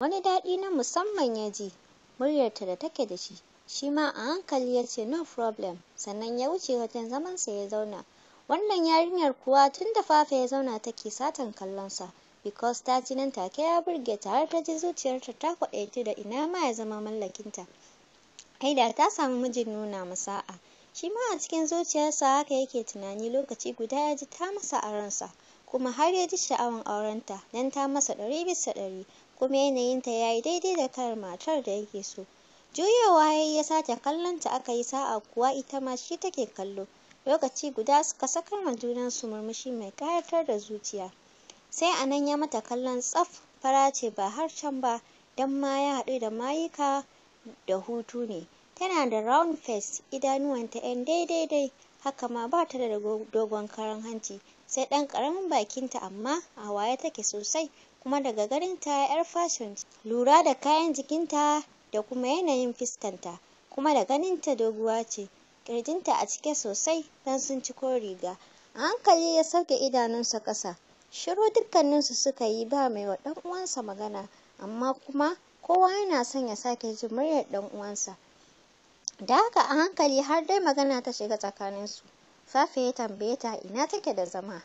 wani daɗi na musamman ya ji muryarta da take da shi shi ma a hankali ya ce no problem sannan ya wuce wajen zamansa ya zauna wannan yarinyar kuwa tun da fafe ya zauna take satan kallon sa, because ta ji nan take ya burge ta har ta ji zuciyarta ta kwaɗaitu da ina ma ya zama mallakinta ai ta samu mijin nuna masa'a shi ma a cikin zuciyarsa haka yake tunani lokaci guda ya ji ta masa a ransa kuma har ya ji sha'awan aurenta don ta masa ɗari bisa ɗari kuma yanayinta ya yi daidai da kalar matar da yake so. Juyawa ya yi ya sake kallonta aka yi sa'a kuwa ita ma shi take kallo. Lokaci guda suka sakar ma su murmushi mai ƙayatar da zuciya. Sai a nan ya mata kallon tsaf fara ce ba har can ba don ma ya haɗu da mayuka da hutu ne. Tana da round face idanuwanta 'yan daidai-dai haka ma ba ta da dogon karan hanci sai ɗan ƙaramin bakinta amma a waye take sosai kuma daga garin ta yar fashion lura da kayan jikinta da kuma yanayin ta kuma da ganinta doguwa ce ƙirjinta a cike sosai don sun ci ko riga a hankali ya sauke idanunsa ƙasa shiru dukkaninsu suka yi ba mai wa ɗan uwansa magana amma kuma kowa yana son ya sake jin muryar ɗan uwansa da haka a hankali har dai magana ta shiga tsakaninsu safe ya tambaye ta ina take da zama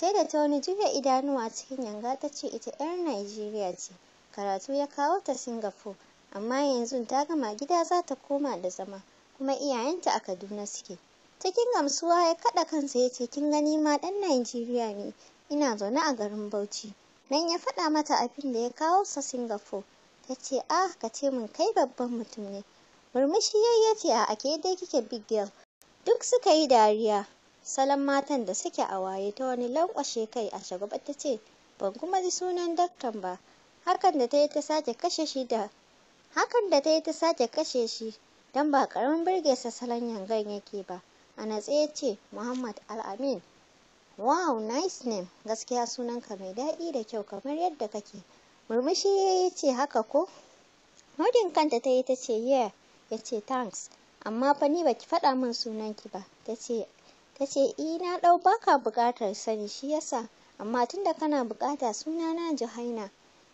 sai da ta wani juya idanuwa cikin yanga ta ce ita 'yar Najeriya ce karatu ya kawo ta Singapore amma yanzu ta gama gida za ta koma da zama kuma iyayenta a Kaduna suke cikin gamsuwa ya kaɗa kansa ya ce kin gani ma ɗan Najeriya ne ina zaune a garin Bauchi nan ya faɗa mata abin da ya kawo sa Singapore ta ce ah ka ce min kai babban mutum ne murmushi yayyace ya a ake dai kike big girl duk suka yi dariya salon matan da suke a waye ta wani lankwashe kai a shagaba ta ce ban kuma ji sunan daktan ba hakan da ta yi ta sake kashe shi da hakan da ta yi ta sake kashe shi don ba karamin birge sa salon yangan yake ba a natse ya ce muhammad al-amin wow nice name gaskiya sunanka mai daɗi da kyau kamar yadda kake murmushi ya yi ce haka ko nodin kanta ta yi ta ce yeah ya ce thanks amma fa ni baki faɗa min sunan ki ba ta ce ta ce i e, na baka buƙatar sani shi yasa amma tunda kana buƙata sunana juhaina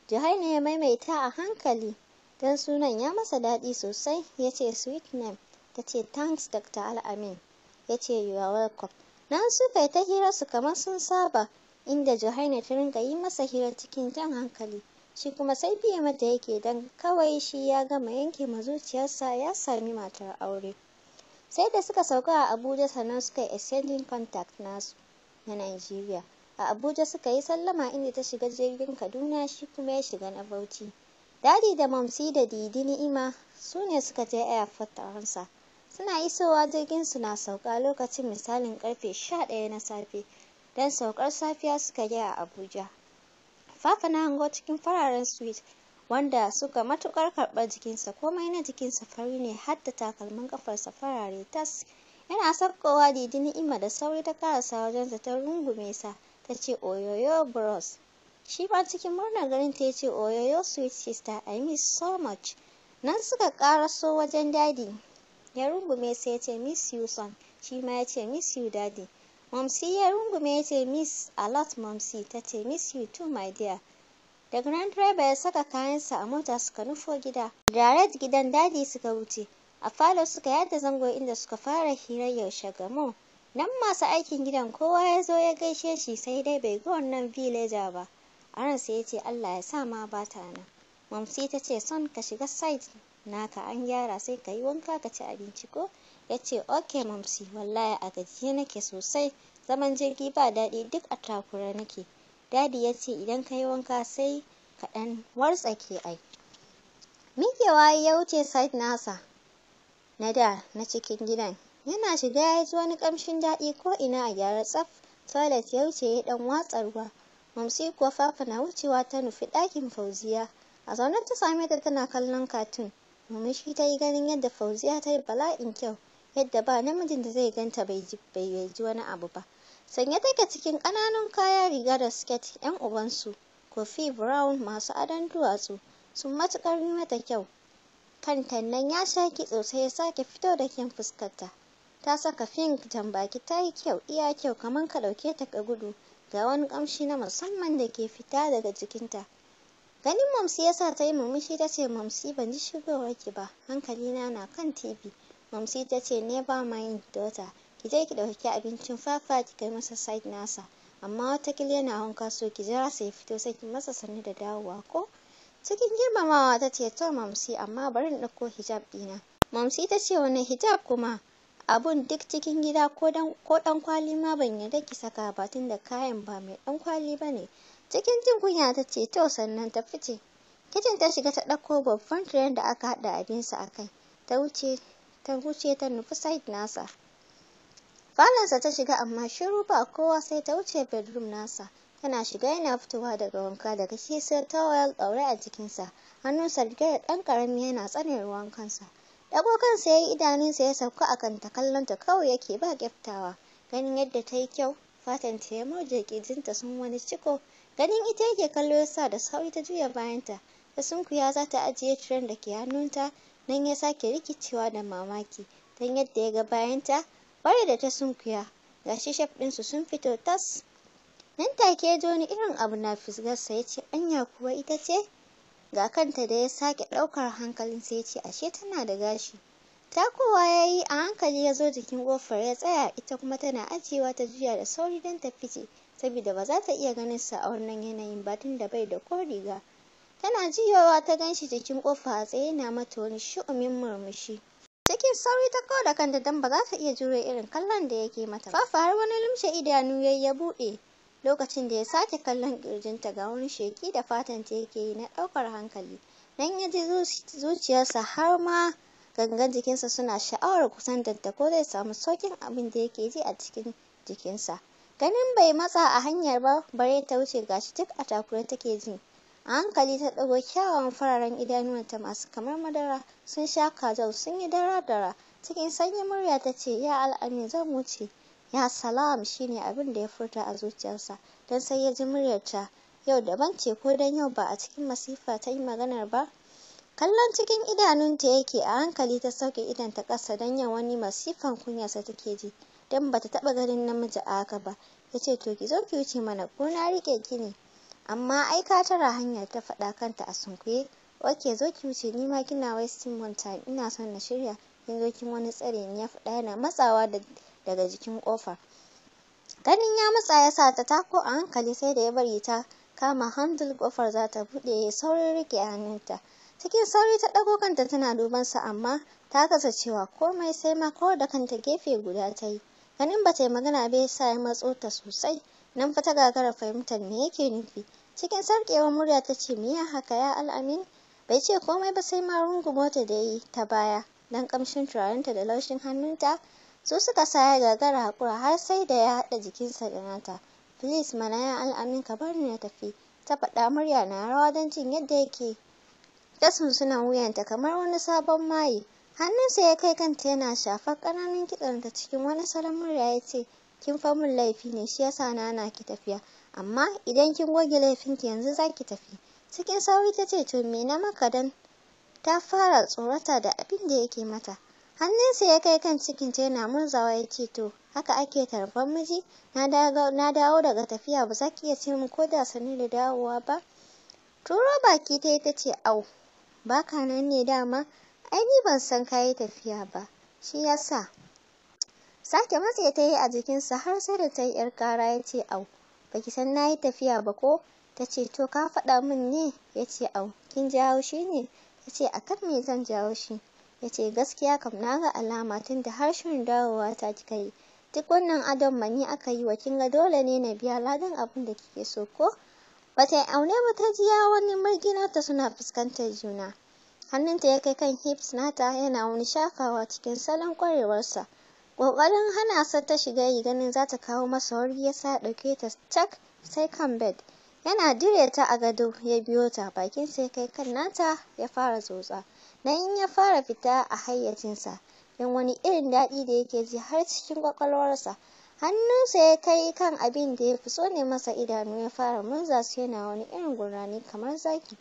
juhaina ya maimaita a hankali don sunan ya masa daɗi sosai ya ce sweet name ta ce thanks dr al'amin ya ce you are welcome nan suka yi ta hira su kamar sun saba inda juhaina ta ringa yi masa hira cikin jan hankali shi kuma sai biye mata yake don kawai shi ya gama yanke ma zuciyarsa ya sami matar aure sai da suka sauka a abuja sannan suka yi exchanging contact nasu na nigeria a abuja suka yi sallama inda ta shiga jirgin kaduna shi kuma ya shiga na bauchi dadi da mamsi da didi ni'ima su ne suka je aya a suna isowa jirgin su na sauka lokacin misalin karfe 11 na safe don saukar safiya suka yi a abuja fafa na hango cikin fararen suite wanda suka matukar karɓar jikinsa komai na jikin safari ne har da takalmin kafarsa farare tas yana sakkowa didi ni'ima da sauri ta karasa wajensa ta rungume sa ta ce oyoyo bros shi ma cikin murnar garin ta ce oyoyo sweet sister i miss so much nan suka karaso wajen dadi ya rungume sai ya ce miss you son shi ma ya ce miss you daddy Mamsi ya rungume ya ce Miss a lot Mamsi ta ce Miss you too my dear. da grand driver ya saka kayansa a mota suka nufo gida direct gidan dadi suka wuce a falo suka yada zango inda suka fara hirar yaushe gamo nan masu aikin gidan kowa ya zo ya gaishe shi sai dai bai ga wannan villager ba a sai ya ce allah ya sa ma ba ta nan mamsi ta ce son ka shiga site naka an gyara sai ka yi wanka ka ci abinci ko ya ce ok mamsi wallahi a gajiye nake sosai zaman jirgi ba daɗi duk a takura nake dadi ya ce idan ka yi wanka sai ka ɗan wartsake ai mikewa ya wuce site nasa na da na cikin gidan yana shiga ya ji wani ƙamshin daɗi ko ina a gyara tsaf toilet ya wuce ya ɗan watsa ruwa mamsi kuwa fafa na wucewa ta nufi ɗakin fauziya a zaune ta same ta tana kallon katun murmushi ta yi ganin yadda fauziya ta yi bala'in kyau yadda ba namijin da zai ganta bai ji wani abu ba Sanye take cikin ƙananan kaya riga da siket 'yan ubansu, kofi brown masu adon duwatsu, sun matuƙar yi mata kyau. kan nan ya sha kitso sai ya sake fito da kyan fuskarta. Ta saka pink baki ta yi kyau iya kyau kamar ka ɗauke ta ka gudu ga wani ƙamshi na musamman da ke fita daga jikinta. Ganin Mamsi ya sa ta yi murmushi ta ce Mamsi ban ji shigowarki ba, hankalina na kan TV. Mamsi ta ce never mind daughter, ki je ki ɗauki abincin fafa ki kai masa side nasa amma wata watakila yana wanka so ki jira sai fito sai ki masa sanni da dawowa ko cikin girmamawa ta ce to mamsi amma bari in ɗauko hijab ɗina mamsi ta ce wani hijab kuma abun duk cikin gida ko dan kwali ma ban yarda ki saka ba tun da kayan ba mai dan kwali ba ne cikin jin kunya ta ce to sannan ta fice kicin ta shiga ta ɗauko babban tiren da aka haɗa abinsa a kai ta wuce ta nufi side nasa Falansa ta shiga amma shiru ba kowa sai ta wuce bedroom nasa. Tana shiga yana fitowa daga wanka daga shi sai towel ɗaure a jikinsa. Hannunsa rigar da ɗan ƙarami yana tsane ruwan kansa. Ɗago kansa ya yi idanunsa ya sauka a kanta kallonta kawai yake ba kyaftawa. Ganin yadda ta yi kyau, fatan fatanta ya murje ƙirjinta sun wani ciko. Ganin ita yake kallo ya sa da sauri ta juya bayanta. Ta sunkuya za ta ajiye tiren da ke hannunta, nan ya sake rikicewa da mamaki. Don yadda ya ga bayanta, Fari da ta sunkuya, gashi shaf ɗinsu sun fito tas. Nan take ji wani irin abu na fisgarsa ya ce anya kuwa ita ce? Ga kanta da ya sake ɗaukar sai ya ce ashe tana da gashi. Takowa ya yi a hankali ya zo jikin ƙofar ya tsaya ita kuma tana ajiyewa ta juya da sauri don ta fice saboda ba za ta iya ganin sa a wannan yanayin ba tun da bai da ko riga. Tana jiyowa ta ganshi jikin ƙofa a tsaye na mata wani shu'umin murmushi. Cikin sauri ta kawo da kanta don ba za ta iya jure irin kallon da yake mata ba. Fafa har wani lumshe idanu yayi ya buɗe lokacin da ya sake kallon ƙirjinta ga wani sheki da fatan ta yake yi na ɗaukar hankali. Nan ya ji zuciyarsa har ma gangan jikinsa suna sha'awar kusan ta ko zai samu saukin abin da yake ji a cikin jikinsa. Ganin bai matsa a hanyar ba bare ta wuce gashi duk a takure take jin a hankali ta ɗago kyawawan fararen idanuwanta masu kamar madara sun sha kazau sun yi dara-dara cikin sanyin murya ta ce ya al'amin zan wuce ya salam shine abin da ya furta a zuciyarsa don sai ya ji muryarta yau daban ce ko don yau ba a cikin masifa ta yi maganar ba kallon cikin idanunta yake a hankali ta sauke idanta ƙasa don yin wani masifan kunyarsa take ji don bata taɓa ganin namiji a haka ba ya ce to ki zo ki wuce mana ko na riƙe ki ne amma ai ka tara hanyar ta faɗa kanta a sunkuye oke zo ki wuce ni ma kina wasting one time ina son na shirya kin zo kin wani tsare ni ya faɗa yana matsawa daga jikin kofar ganin ya matsa ya sa ta tako a hankali sai da ya bari ta kama handul kofar za ta buɗe ya saurin rike a hannunta cikin sauri ta ɗago kanta tana duban sa amma ta kasa cewa komai sai ma kawar da kanta gefe guda ta yi ganin ba ta yi magana bai sa ya matso ta sosai nan fa ta gagara fahimtar me yake nufi cikin sarkewar murya ta ce miya haka ya al'amin bai ce komai ba sai ma rungumota da yi ta baya don kamshin turarenta da laushin hannunta su suka saya gagara hakura har sai da ya haɗa jikinsa da nata filis mana ya al'amin ka bar ni na tafi ta faɗa murya na rawa don jin yadda yake ta sunsuna wuyanta kamar wani sabon maye hannunsa ya kai kanta yana shafar ƙananan kitsanta cikin wani salon murya ya ce kin fa mun laifi ne shi yasa na ana ki tafiya amma idan kin goge laifinki yanzu za ki tafi cikin sauri ta ce to me na maka dan ta fara tsorata da abin da yake mata hannunsa ya kai kan cikin cikinta yana murzawa ya ce to haka ake tarban miji na dawo daga tafiya ba za ki iya ce min ko da sani da dawowa ba turo baki ta yi ta ce au ba ka nan ne dama ai ni ban san ka yi tafiya ba shi ya sa. sake matse ta yi a jikinsa har sai da ta yi ƴar kara ya ce au baki san na yi tafiya ba ko ta ce to ka faɗa min ne ya ce au kin ji haushi ne ya ce a kan me zan ji haushi ya ce gaskiya kam na ga alama tun da harshen shirin dawowa ta kika yi duk wannan adon mani aka yi wa kin ga dole ne na biya ladan abin da kike so ko bata yi aune ba ta ji wani margina ta suna fuskantar juna hannunta ya kai kan hips nata yana wani shakawa cikin salon kwarewarsa Ƙoƙarin hana sa ta shiga yi ganin za ta kawo masa wari ya sa ɗauke ta cak sai kan bed. Yana dire ta a gado ya biyo ta bakin sai kai kan nata ya fara tsotsa. na in ya fara fita a hayyacinsa don wani irin daɗi da yake ji har cikin ƙwaƙwalwarsa. Hannunsa ya kai kan abin da ya fi ne masa idanu ya fara murza su yana wani irin gurnani kamar zaki.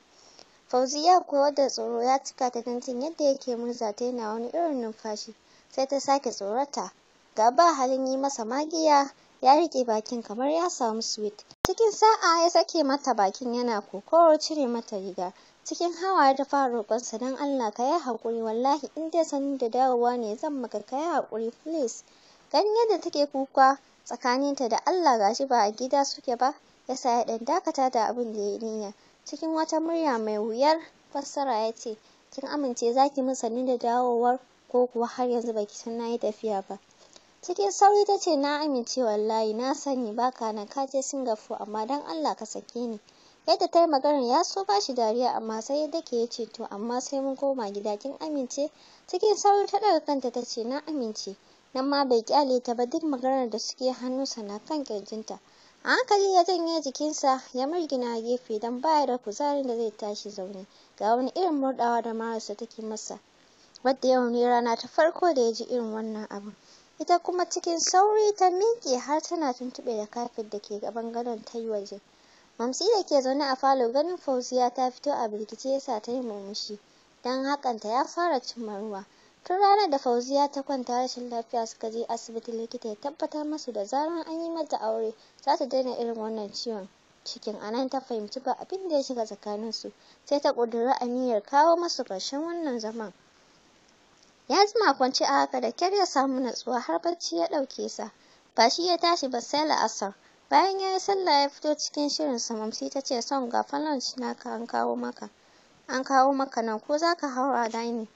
Fauziya kuwa da tsoro ya cika ta dantin yadda yake murza ta yana wani irin numfashi. sai ta sake tsorata ga ba halin yi masa magiya ya riƙe bakin kamar ya samu sweet cikin sa'a ya sake mata bakin yana kokoro cire mata riga cikin hawa ta fara roƙonsa don Allah ka yi haƙuri wallahi in dai sanin da dawowa ne zan maka ka yi haƙuri please ganin yadda take kuka tsakaninta da Allah gashi ba a gida suke ba yasa ya ɗan dakata da abin da ya niyya cikin wata murya mai wuyar fassara ya ce kin amince za ki min sani da dawowar ko kuwa har yanzu baki san na tafiya ba cikin sauri ta ce na amince wallahi na sani baka nan ka je singapore amma dan allah ka sake ni yadda ta yi maganar ya so bashi dariya amma sai yadda ke ya ce to amma sai mun koma gida kin amince cikin sauri ta daga kanta ta ce na amince nan ma bai kyale ta ba duk maganar da suke hannunsa na kan kirjinta a hankali ya janye jikinsa ya murgina gefe don baya da kuzarin da zai tashi zaune ga wani irin murɗawa da marasa take masa wadda yau ne rana ta farko da ya ji irin wannan abun. Ita kuma cikin sauri ta miƙe har tana tuntuɓe da kafet da ke gaban gadon ta yi waje. Mamsi da ke zaune a falo ganin Fauziya ta fito a birkice sa ta yi murmushi, don ta ya fara cimma ruwa. Tun ranar da Fauziya ta kwanta rashin lafiya suka je asibitin likita ya tabbatar masu da zaran an yi mata aure za ta daina irin wannan ciwon. Cikin anan ta fahimci ba abin da ya shiga tsakaninsu, sai ta ƙudiri aniyar kawo masu ƙarshen wannan zaman. Ya jima kwance a haka da kyar ya samu natsuwa har bacci ya ɗauke sa. Ba shi ya tashi ba sai la'asar. Bayan ya yi sallah ya fito cikin shirin sa Mamsi ta ce son ga lunch naka an kawo maka. An kawo maka nan ko za ka hau a dining.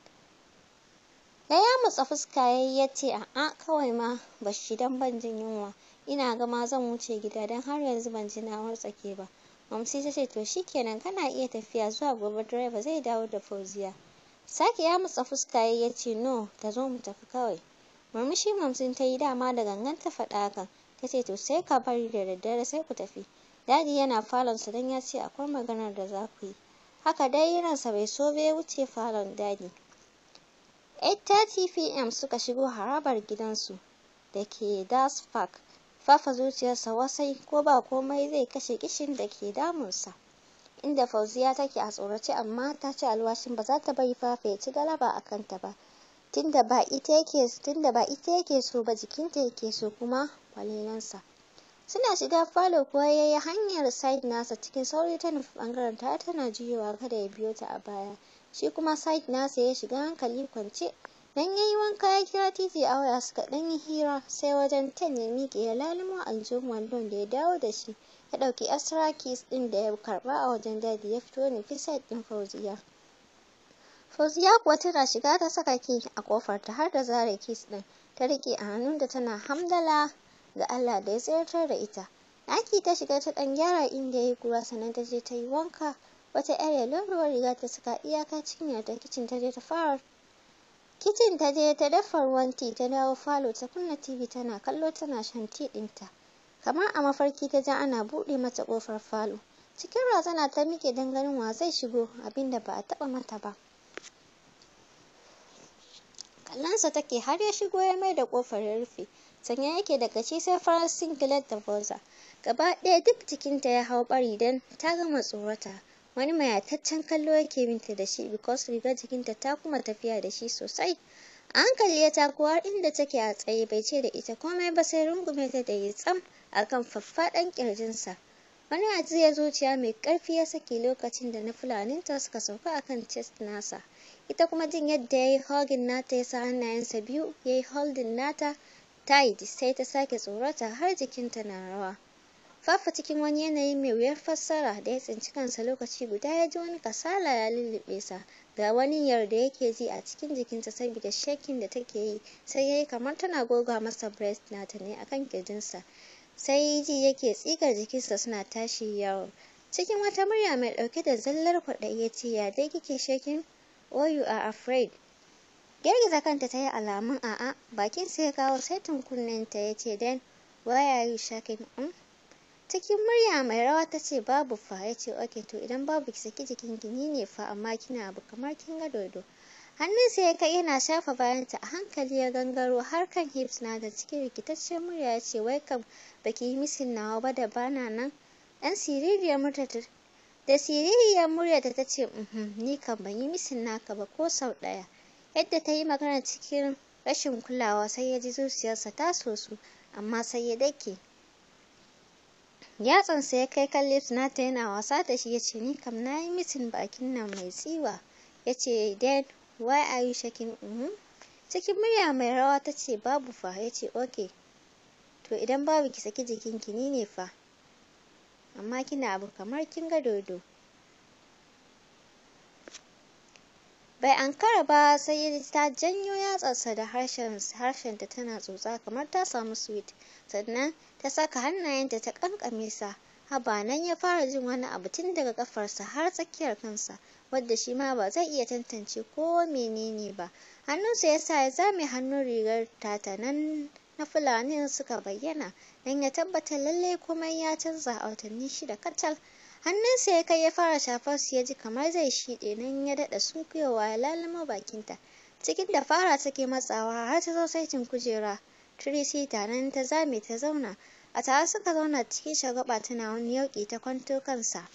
Ya matsa fuska ya yi ya ce a'a kawai ma ba shi don ban jin yunwa. Ina ga ma zan wuce gida don har yanzu ban ji na tsake ba. Mamsi ta ce to kenan kana iya tafiya zuwa gobe direba zai dawo da Fauziya. Saki ya matsa fuska ya ce no ka zo mu tafi kawai. Murmushi mamsin ta yi dama da gangan ta faɗa hakan. Ta ce to sai ka bari da daddare sai ku tafi. Dadi yana falonsa don ya ce akwai maganar da za ku yi. Haka dai yaransa bai so bai wuce falon dadi. 8:30 pm suka shigo harabar gidansu da ke Das Park. Fafa zuciyarsa wasai ko ba komai zai kashe kishin da ke damunsa. inda Fauziya take a tsorace amma ta ci alwashin ba za ta bari fafe ya ci galaba a kanta ba tunda ba ita yake tunda ba ita yake so ba jikinta yake so kuma kwalilansa suna shiga falo kuwa ya yi hanyar side nasa cikin sauri ta nufi bangaren ta tana juyowa kada ya biyo ta a baya shi kuma side nasa ya shiga hankali kwance dan yayi wanka ya kira titi a waya suka dan yi hira sai wajen tan ya miƙe ya lalimo aljihun wandon da ya dawo da shi ya ɗauki extra keys ɗin da ya karɓa a wajen dadi ya fito fi set ɗin fauziya fauziya kuwa tana shiga ta saka ki a kofar ta har da zare keys ɗin ta riƙe a hannun da tana hamdala ga allah da ya tsayar da ita Naki ta shiga ta ɗan gyara inda ya yi kura sannan ta je ta yi wanka wata yar yalon riga ta saka iyaka cikin ta kicin ta je ta fara kicin ta je ta dafa ruwan ti ta dawo falo ta kunna tv tana kallo tana shan ti ɗinta kamar a mafarki ta ja ana buɗe mata ƙofar falo cikin razana ta miƙe don ganin wa zai shigo abinda ba a taɓa mata ba kallonsa take har ya shigo ya mai da ƙofar ya rufe sanye yake daga shi sai farar singlet da boza gaba ɗaya duk jikinta ya hau ɓari don ta gama tsorata wani mayataccen kallo yake minta da shi because riga jikinta ta kuma tafiya da shi sosai a hankali ya tako har inda take a tsaye bai ce da ita komai ba sai rungume ta da yi tsam akan faffaɗan ƙirjinsa wani ajiyar zuciya mai ƙarfi ya saki lokacin da na fulaninta suka sauka akan chest nasa ita kuma jin yadda ya yi hogin nata ya sa hannayensa biyu ya yi holdin nata tight sai ta sake tsorata har jikinta na rawa fafa cikin wani yanayi mai wuyar fassara da ya tsinci kansa lokaci guda ya ji wani kasala ya lullube sa ga wani yarda yake ji a cikin jikinta saboda shekin da take yi sai ya yi kamar tana goga masa breast nata ne akan kirjinsa sai ji yake tsigar jikinsa suna tashi yawo cikin wata murya mai ɗauke da zallar kwaɗayi ya ce ya dai kike shakin oh you are afraid girgiza kanta ta yi alamun a'a bakin sai kawo saitin ta ya ce Dan, why are you shaking um? cikin murya mai rawa ta ce babu fa ya ce okay to idan babu ki saki jikin gini ne fa amma kina abu kamar kin ga dodo Hannunsa ya kai yana shafa bayanta a hankali ya gangaro har kan hips na da cikin rikitaccen murya ya ce wai kam baki yi misin nawa ba da bana nan. Ɗan siririyar murya ta da siririyar murya ta ce uhm, ni kam ban yi misin naka ba ko sau ɗaya. Yadda ta yi magana cikin rashin kulawa sai ya ji zuciyarsa ta soso amma sai ya dake. Yatsansa ya kai kan lips nata yana wasa da shi ya ce ni kam na yi misin bakin nan mai tsiwa. yace ce den Why are you shaking? Mm Cikin murya mai rawa ta ce babu fa ya ce okay. To idan babu ki saki jikinki ni ne fa. Amma kina abu kamar kin ga dodo. bai ankara ba sai ya ta janyo yatsarsa da harshenta tana tsotsa kamar ta samu sweet sannan ta saka hannayenta ta kankame sa haba nan ya fara jin wani abu tun daga kafarsa har tsakiyar kansa wadda shi ma ba zai iya tantance ko menene ba hannunsa ya sa ya zame hannun rigar tata nan na fulani suka bayyana don ya tabbatar lallai kuma ya canza a watanni shida kacal hannunsa ya kai ya fara shafar su ya ji kamar zai shiɗe nan ya daɗa sunkuyowa ya lalama bakinta cikin da fara take matsawa har ta zo saitin kujera ta nan ta zame ta zauna a tare suka zauna cikin shagaba tana wani yauƙi ta kwanto kansa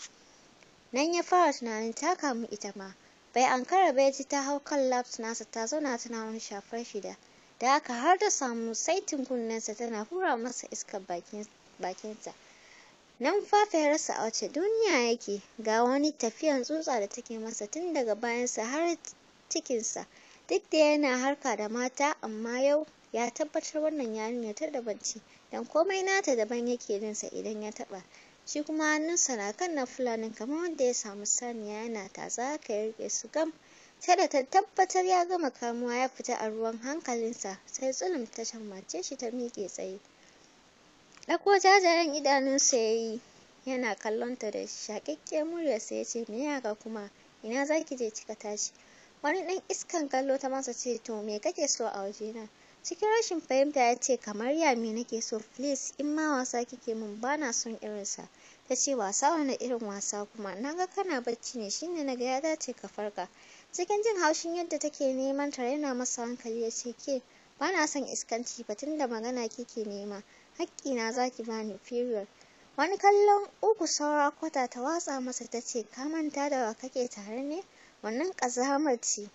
nan ya fara tunanin ta kamu ita ma bai ankara kara bai ji ta hau kan laps nasa ta zauna tana wani shafar shida da aka haka har da samu saitin kunnensa tana hura masa iskar bakinsa nan rasa a wace duniya yake ga wani tafiyan tsutsa da take masa tun daga bayansa har cikinsa duk da yana harka da mata amma yau ya tabbatar wannan yarinya ta da bacci don komai nata daban yake sa idan ya taɓa shi kuma hannunsa na kan na fulanin kamar wanda ya samu saniya yana tatsa ka ya rike su gam Ta da ta tabbatar ya gama kamuwa ya fita a ruwan hankalinsa sai tsulum ta shammace shi ta miƙe tsaye ɗauko jajayen idanunsa ya yi yana kallonta da shaƙaƙƙiyar muryarsa ya ce me ga kuma ina za ki je kika tashi wani ɗan iskan kallo ta masa ce to me kake so a waje na? cikin rashin fahimta ya ce kamar ya me nake so please in ma wasa kike min na son irinsa ta ce wasa wani irin wasa kuma na ga kana bacci ne shine na ga ya dace ka farka cikin jin haushin yadda take neman ta yana masa hankali ya ce ke ba na son iskanci ba da magana kike nema haƙƙina zaki bani period wani kallon uku saura kwata ta watsa masa ta ce ka manta da wa kake tare ne wannan ƙazamar ce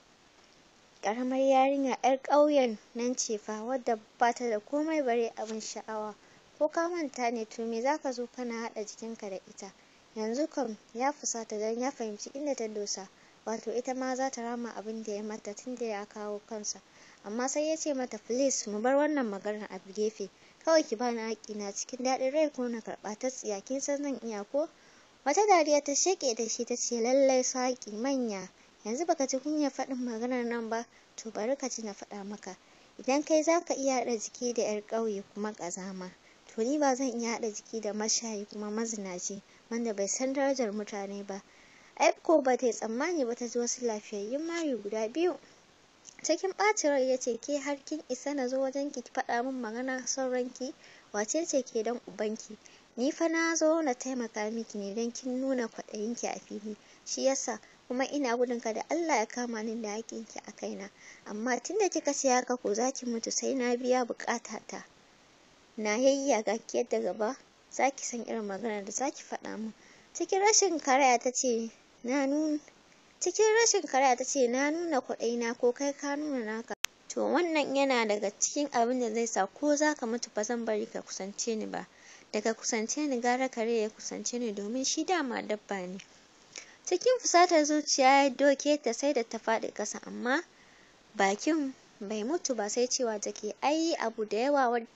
karamar yarinya 'yar ƙauyen nan ce fa wadda ba ta da komai bare abin sha'awa ko ka manta ne to me zaka zo kana haɗa jikinka da ita yanzu kam ya fusata don ya fahimci inda ta dosa wato ita ma za ta rama abin da ya mata tunda ya kawo kansa amma sai ya ce mata please mu bar wannan maganar a gefe kawai ki bani haƙƙi na cikin daɗin rai ko na karɓa ta tsiya kin san zan iya ko wata dariya ta sheƙe da shi ta ce lallai su manya yanzu baka ji kunyar faɗin maganar nan ba to bari ka ji na faɗa maka idan kai zaka iya haɗa jiki da 'yar ƙauye kuma ƙazama to ni ba zan iya haɗa jiki da mashayi kuma mazinaci wanda bai san darajar mutane ba ai ko ba ta tsammani ba ta ji wasu lafiyayyun mayu guda biyu cikin ɓacin rai ya ce ke har kin isa na zo wajen ki faɗa min magana son ranki wace ce ke dan ubanki ni fa na zo na taimaka miki ne don kin nuna kwaɗayinki a fili shi yasa kuma ina gudun da Allah ya kama ni da haƙƙinki a kaina amma tunda kika ce ka ko zaki mutu sai na biya bukata ta na yayya ga ki yadda gaba zaki san irin magana da zaki faɗa min cikin rashin karaya tace na nuna cikin rashin karaya tace na nuna kuɗaina ko kai ka nuna naka to wannan yana daga cikin abin da zai sa ko zaka mutu ba zan bari ka kusance ni ba daga kusance ni gara kare ya kusance ni domin shi dama dabba ne Cikin fusatar zuciya ya doke ta sai da ta faɗi ƙasa amma bakin bai mutu ba sai cewa take ai abu da yawa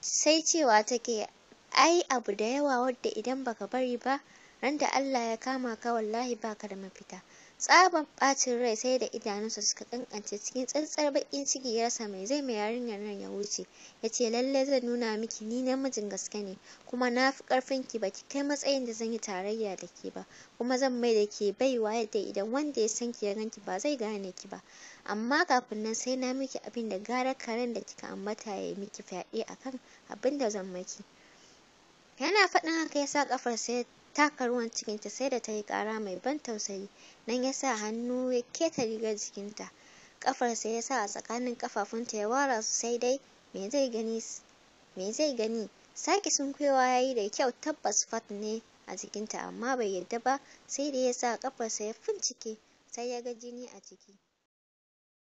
sai cewa take ai abu da yawa wadda idan baka bari ba randa Allah ya kama ka wallahi baka da mafita tsaban ɓacin rai sai da idanunsa suka kankance cikin tsantsar bakin ciki ya rasa mai zai mai yarinyar nan ya wuce ya ce lallai zan nuna miki ni namijin gaske ne kuma na fi karfin ki baki kai matsayin da zan yi tarayya da ke ba kuma zan mai da ke baiwa yadda idan wanda ya san ki ya ganki ba zai gane ki ba amma kafin nan sai na miki abin da gara karen da kika ambata ya miki fyaɗe akan abin da zan maki yana faɗin haka ya sa kafar taka ruwan cikinta sai da ta yi ƙara mai ban tausayi nan ya sa hannu ya keta rigar jikinta ƙafarsa ya sa a tsakanin ƙafafunta ya wara su sai dai me zai gani me zai gani sake sunkuyawa ya yi da kyau tabbas fat ne a jikinta amma bai yadda ba sai da ya sa ƙafarsa ya fincike sai ya ga jini a ciki.